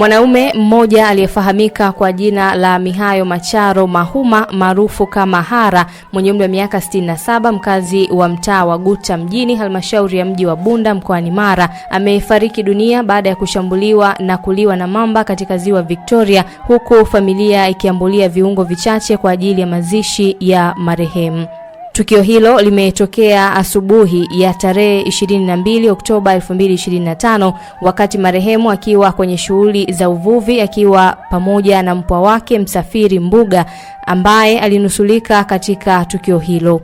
Mwanaume mmoja aliyefahamika kwa jina la Mihayo Macharo Mahuma maarufu kama Hara mwenye umri wa miaka 67 mkazi wa mtaa wa Guta mjini halmashauri ya mji wa Bunda mkoani Mara amefariki dunia baada ya kushambuliwa na kuliwa na mamba katika ziwa Victoria huku familia ikiambulia viungo vichache kwa ajili ya mazishi ya marehemu. Tukio hilo limetokea asubuhi ya tarehe 22 Oktoba 2025 wakati marehemu akiwa kwenye shughuli za uvuvi akiwa pamoja na mpwa wake Msafiri Mbuga ambaye alinusulika katika tukio hilo.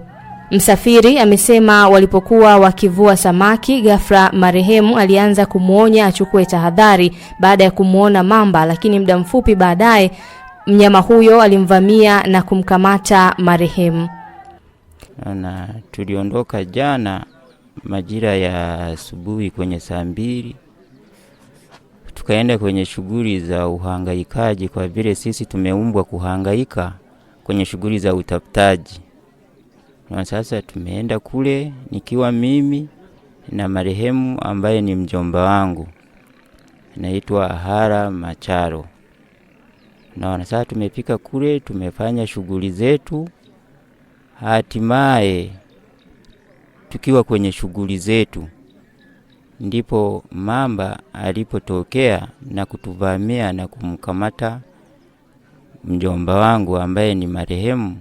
Msafiri amesema walipokuwa wakivua samaki, ghafla marehemu alianza kumwonya achukue tahadhari baada ya kumwona mamba, lakini muda mfupi baadaye mnyama huyo alimvamia na kumkamata marehemu na tuliondoka jana majira ya asubuhi kwenye saa mbili tukaenda kwenye shughuli za uhangaikaji, kwa vile sisi tumeumbwa kuhangaika kwenye shughuli za utafutaji. Na sasa tumeenda kule nikiwa mimi na marehemu ambaye ni mjomba wangu, naitwa Ahara Macharo. Naona sasa tumefika kule, tumefanya shughuli zetu Hatimaye tukiwa kwenye shughuli zetu, ndipo mamba alipotokea na kutuvamia na kumkamata mjomba wangu ambaye ni marehemu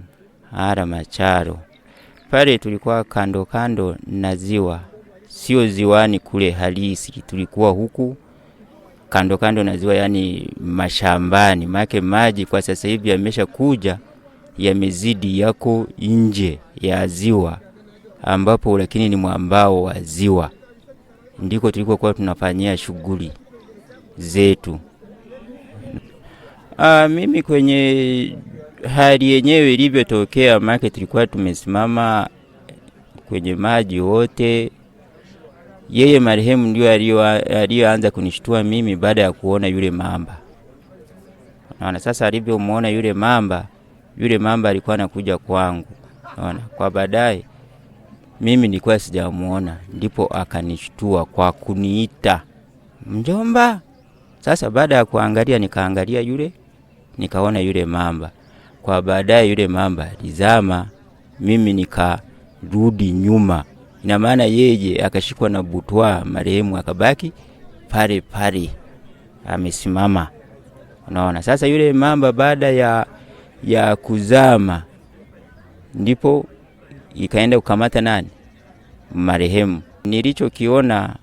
Hara Macharo. Pale tulikuwa kando kando na ziwa, sio ziwani kule halisi, tulikuwa huku kando kando na ziwa, yani mashambani, make maji kwa sasa hivi yamesha kuja yamezidi yako nje ya ziwa ambapo lakini ni mwambao wa ziwa, ndiko tulikokuwa tunafanyia shughuli zetu. Aa, ah, mimi kwenye hali yenyewe ilivyotokea, maana tulikuwa tumesimama kwenye maji wote. Yeye marehemu ndio aliyoanza kunishtua mimi baada ya kuona yule mamba. Naona sasa alivyomwona yule mamba yule mamba alikuwa anakuja kwangu, naona kwa baadaye mimi nilikuwa sijamuona, ndipo akanishtua kwa kuniita mjomba. Sasa baada ya kuangalia, nikaangalia yule, nikaona yule mamba. Kwa baadaye yule mamba alizama, mimi nikarudi nyuma. Ina maana yeye akashikwa na butwa, marehemu akabaki pale pale amesimama. Unaona, sasa yule mamba baada ya ya kuzama, ndipo ikaenda kukamata nani, marehemu. Nilichokiona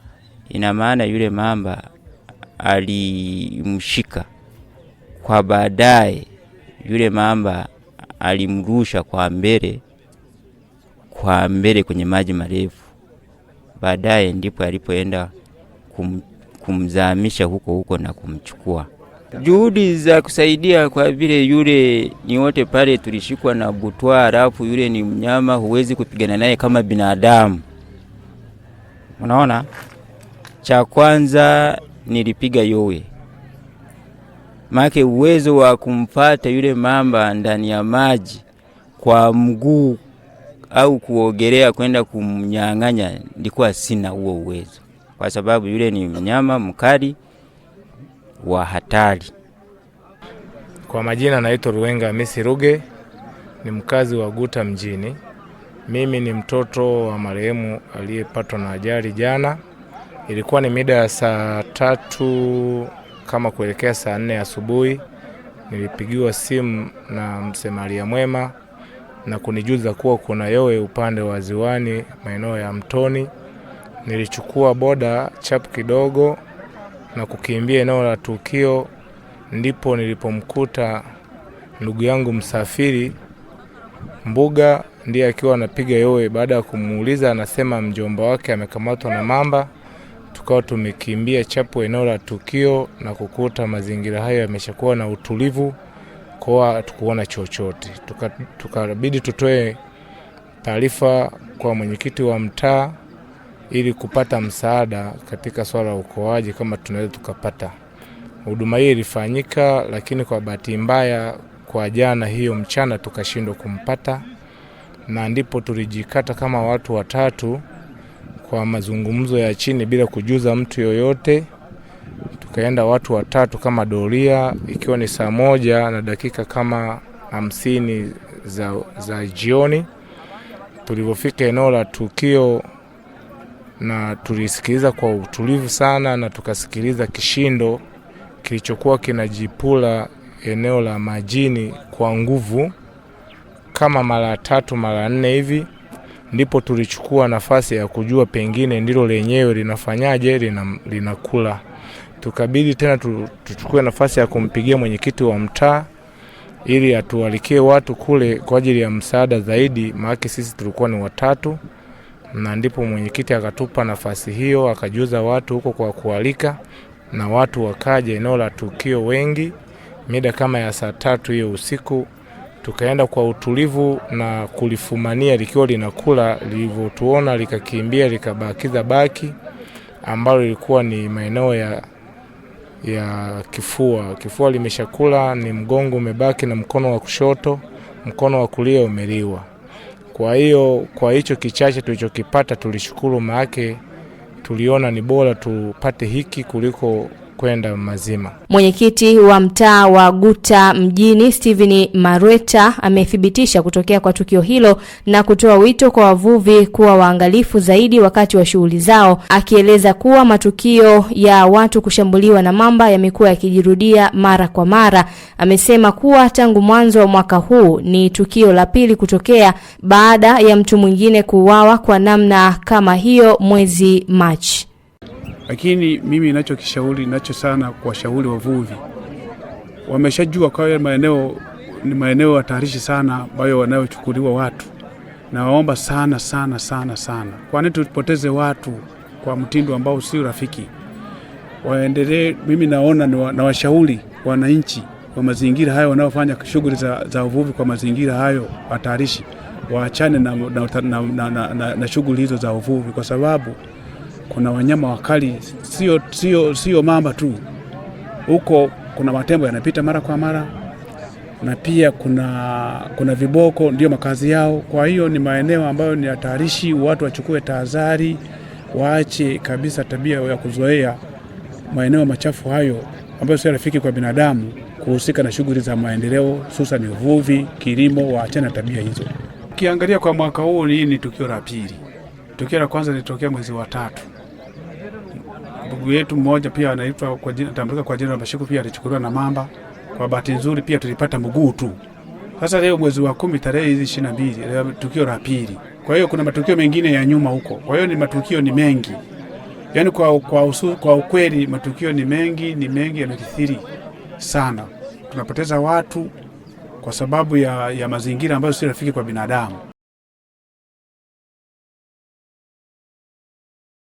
ina maana yule mamba alimshika kwa baadaye, yule mamba alimrusha kwa mbele, kwa mbele kwenye maji marefu. Baadaye ndipo alipoenda kum, kumzamisha huko huko na kumchukua juhudi za kusaidia, kwa vile yule ni wote pale tulishikwa na butwa, alafu yule ni mnyama, huwezi kupigana naye kama binadamu. Unaona, cha kwanza nilipiga yowe make uwezo wa kumfata yule mamba ndani ya maji kwa mguu au kuogelea kwenda kumnyang'anya, ndikuwa sina huo uwezo, kwa sababu yule ni mnyama mkali wa hatari. Kwa majina naitwa Ruwenga Hamisi Ruge, ni mkazi wa Guta mjini. Mimi ni mtoto wa marehemu aliyepatwa na ajali jana. Ilikuwa ni mida ya saa tatu kama kuelekea saa nne asubuhi, nilipigiwa simu na msemaria mwema na kunijuza kuwa kuna yowe upande wa ziwani maeneo ya Mtoni. Nilichukua boda chapu kidogo na kukimbia eneo la tukio, ndipo nilipomkuta ndugu yangu Msafiri Mbuga, ndiye akiwa anapiga yowe. Baada ya kumuuliza, anasema mjomba wake amekamatwa na mamba. Tukawa tumekimbia chapo eneo la tukio na kukuta mazingira hayo yameshakuwa na utulivu, kwa tukuona chochote. Tukabidi tutoe taarifa kwa mwenyekiti wa mtaa ili kupata msaada katika swala la ukoaji kama tunaweza tukapata huduma hii ilifanyika, lakini kwa bahati mbaya kwa jana hiyo mchana tukashindwa kumpata, na ndipo tulijikata kama watu watatu kwa mazungumzo ya chini bila kujuza mtu yoyote. Tukaenda watu watatu kama doria, ikiwa ni saa moja na dakika kama hamsini za, za jioni. Tulivyofika eneo la tukio na tulisikiliza kwa utulivu sana, na tukasikiliza kishindo kilichokuwa kinajipula eneo la majini kwa nguvu kama mara tatu mara nne hivi, ndipo tulichukua nafasi ya kujua pengine ndilo lenyewe linafanyaje, linakula. Tukabidi tena tuchukue nafasi ya kumpigia mwenyekiti wa mtaa ili atualikie watu kule kwa ajili ya msaada zaidi, maana sisi tulikuwa ni watatu na ndipo mwenyekiti akatupa nafasi hiyo, akajuza watu huko kwa kualika na watu wakaja eneo la tukio wengi, mida kama ya saa tatu hiyo usiku. Tukaenda kwa utulivu na kulifumania likiwa linakula, lilivyotuona likakimbia likabakiza baki ambalo lilikuwa ni maeneo ya ya kifua. Kifua limeshakula, ni mgongo umebaki na mkono wa kushoto, mkono wa kulia umeliwa. Kwa hiyo kwa hicho kichache tulichokipata tulishukuru, maake tuliona ni bora tupate hiki kuliko kwenda mazima. Mwenyekiti wa mtaa wa Guta mjini Steven Marweta amethibitisha kutokea kwa tukio hilo na kutoa wito kwa wavuvi kuwa waangalifu zaidi wakati wa shughuli zao, akieleza kuwa matukio ya watu kushambuliwa na mamba yamekuwa yakijirudia mara kwa mara. Amesema kuwa tangu mwanzo wa mwaka huu ni tukio la pili kutokea baada ya mtu mwingine kuuawa kwa namna kama hiyo mwezi Machi. Lakini mimi nacho kishauri nacho sana kuwashauri wavuvi, wameshajua kwa maeneo ni maeneo hatarishi sana ambayo wanayochukuliwa watu. Nawaomba sana sana sana sana, kwani tupoteze watu kwa mtindo ambao sio rafiki. Waendelee, mimi naona na washauri wananchi wa mazingira hayo wanaofanya shughuli za, za uvuvi kwa mazingira hayo hatarishi, waachane na, na, na, na, na, na shughuli hizo za uvuvi kwa sababu kuna wanyama wakali, sio sio sio mamba tu, huko kuna matembo yanapita mara kwa mara, na pia kuna, kuna viboko ndio makazi yao. Kwa hiyo ni maeneo ambayo ni hatarishi, watu wachukue tahadhari, waache kabisa tabia ya kuzoea maeneo machafu hayo ambayo sio rafiki kwa binadamu kuhusika na shughuli za maendeleo, hususan uvuvi, kilimo. Waachane na tabia hizo. Ukiangalia kwa mwaka huu, hii ni tukio la pili Tukio la kwanza lilitokea mwezi wa tatu. Ndugu yetu mmoja pia anaitwa kwa jina tambulika kwa jina la Bashiku pia alichukuliwa na mamba. Kwa bahati nzuri pia tulipata mguu tu. Sasa leo mwezi wa kumi tarehe hizi ishirini na mbili tukio la pili. Kwa hiyo kuna matukio mengine ya nyuma huko. Kwa hiyo ni matukio ni mengi. Yaani kwa kwa, usu, kwa ukweli matukio ni mengi, ni mengi yamekithiri sana. Tunapoteza watu kwa sababu ya, ya mazingira ambayo si rafiki kwa binadamu.